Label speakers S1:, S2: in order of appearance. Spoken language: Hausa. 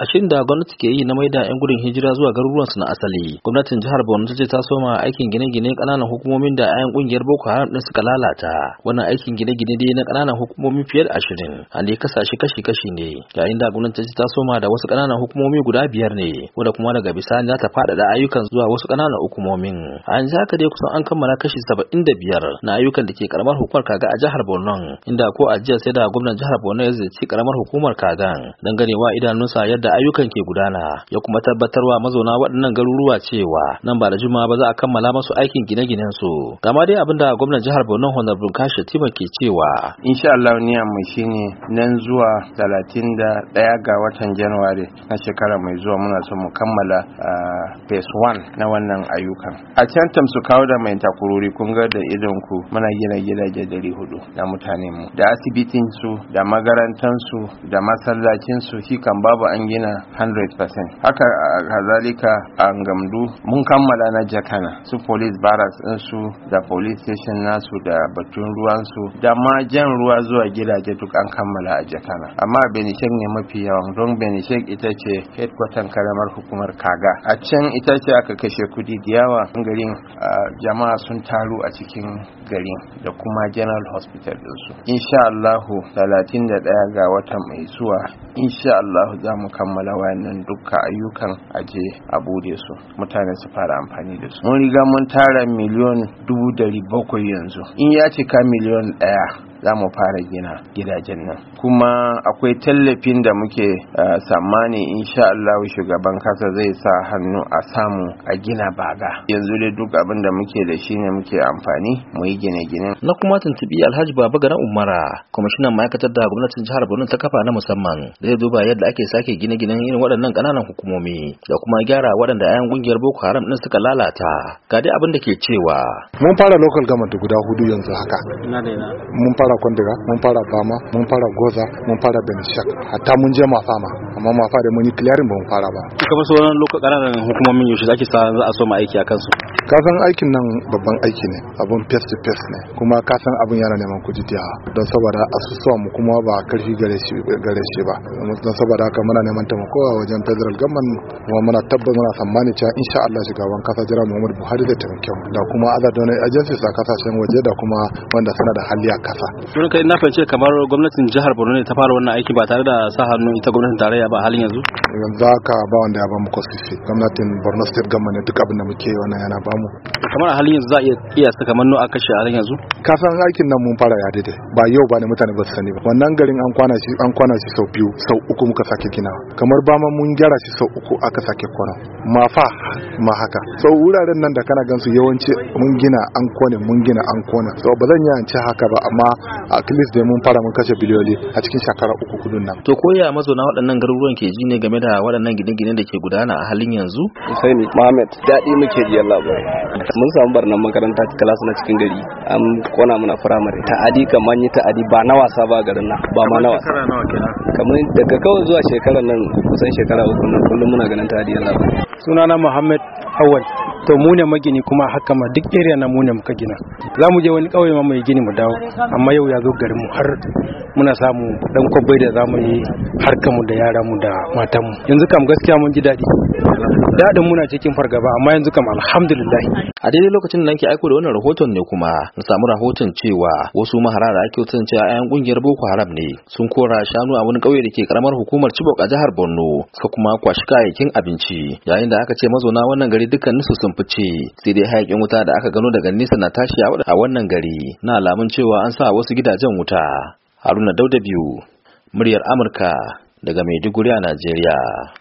S1: a da gwamnati ke yi na maida yan gudun hijira zuwa garuruwan su na asali gwamnatin jihar Borno ta ce ta soma aikin gine-gine kananan hukumomin da ayan kungiyar Boko Haram din suka lalata wannan aikin gine-gine dai na kananan hukumomi fiye da ashirin. an ne kasashe kashi-kashi ne yayin da gwamnati ta ce ta soma da wasu kananan hukumomi guda biyar ne wanda kuma daga bisani za ta faɗaɗa ayyukan zuwa wasu kananan hukumomin an ji haka dai kusan an kammala kashi 75 na ayyukan da ke karamar hukumar kaga a jihar Borno inda ko a jiya sai da gwamnatin jihar Borno ya ziyarci karamar hukumar kagan dan ganewa idanunsa yadda Da ayyukan ke gudana ya kuma tabbatarwa mazauna waɗannan garuruwa cewa nan ba da juma'a ba za a kammala masu aikin gine-ginen su gama dai abin da gwamnan jihar Borno Honorable Kashi tima ke cewa
S2: insha Allah ni mu shine nan zuwa 31 ga watan January na shekara mai zuwa muna son mu kammala phase 1 na wannan ayyukan a can su kawo da mai takururi kun ga da idon ku muna gina gidaje 400 da mutanen mu da asibitin su da magarantan su da masallacin su shi kan babu an madina 100% haka a zalika a gamdu mun kammala na jakana su police barracks din su da police station nasu da batun ruwansu su da ma jan ruwa zuwa gidaje duk an kammala a jakana amma benishek ne mafi yawan don benishek ita ce headquarter karamar hukumar kaga a can ita ce aka kashe kudi da yawa garin jama'a sun taru a cikin garin da kuma general hospital insha da 31 ga watan mai zuwa insha Allah za mu kammala wayannan dukkan ayyukan aje a bude su mutane su fara amfani da su mun riga mun tara miliyon dubu dari bakwai yanzu in ya cika miliyon ɗaya za mu fara gina gidajen nan kuma akwai tallafin da muke tsammani insha Allah shugaban kasa zai sa hannu a samu a gina baga yanzu dai duk abin da muke da shi ne muke amfani mu yi gine-gine na kuma tuntubi Alhaji Baba Garan
S1: Umara kwamishinan ma'aikatar da gwamnatin jihar Borno ta kafa na musamman zai duba yadda ake sake gine-ginen irin waɗannan ƙananan hukumomi da kuma gyara waɗanda 'yan ƙungiyar Boko Haram din suka lalata ga
S3: dai abin da ke cewa mun fara local government guda hudu yanzu haka mun fara kwandiga mun fara bama mun fara goza mun fara benishak hatta mun je mafama amma mafa da muni clearing ba mu fara ba
S1: kuma sauran lokacin ƙananan hukumomin yaushe zaki sa za a so mu aiki a kansu
S3: kasan aikin nan babban aiki ne abun face to face ne kuma kasan abun yana neman kuɗi da don saboda asusuwan mu kuma ba karfi gare shi gare shi ba don saboda haka muna neman taimako a wajen federal government kuma muna tabbas muna tsammani cewa insha Allah shugaban kasa jira Muhammadu Buhari da taimake mu da kuma azadon agencies a kasashen waje da kuma wanda suna da hali a kasa
S1: sun kai na fahimci kamar gwamnatin jihar Borno ne ta fara wannan aiki ba tare da sa hannu ita gwamnatin tarayya ba halin yanzu
S3: yanzu haka ba wanda ya ba mu kosifi gwamnatin Borno state government duk abin da muke wannan yana ba Gracias.
S1: kamar a halin yanzu za a iya saka manno a kashe a halin yanzu
S3: ka san aikin nan mun fara ya daidai ba yau ba ne mutane ba su sani ba wannan garin an kwana shi an kwana shi sau biyu sau uku muka sake ginawa kamar ba ma mun gyara shi sau uku aka sake kwana ma fa ma haka sau wuraren nan da kana gansu yawanci mun gina an kone mun gina an kwana so ba zan yance haka ba amma at least dai mun fara mun kashe biliyoyi a cikin shekara uku kudin nan
S1: to ko ya mazauna waɗannan garuruwan ke ji ne game da waɗannan gine-gine da ke gudana a halin yanzu sai ni Mohammed daɗi muke ji Allah mun samu barnan makaranta kilas na cikin gari an kona muna firamare ta'adi kamar yi adi ba na wasa ba garin nan ba ma na wasa kamar daga kawai zuwa shekarar nan kusan shekara uku nan kullum muna ganin ta'adi ba. sunana Muhammad hawan to mu ne magini kuma haka ma duk area na mu ne muka gina za mu je wani kauye ma mai gini mu dawo amma yau ya zo garin mu har muna samu dan kwabbai da zamu yi harkar mu da yara mu da matan mu yanzu kam gaskiya mun ji daɗi dadin muna cikin fargaba amma yanzu kam alhamdulillah a daidai lokacin da nake aiko da wannan rahoton ne kuma na samu rahoton cewa wasu mahara da ake tunce a 'yan kungiyar Boko Haram ne sun kora shanu a wani kauye da ke karamar hukumar Chibok a jihar Borno suka kuma kwashi kayayyakin abinci yayin da aka ce mazauna wannan gari dukkan sun fice sai dai hayakin wuta da aka gano daga nesa na tashi a wannan gari na alamun cewa an sa wasu gidajen wuta haruna dauda biyu muryar amurka daga maiduguri a najeriya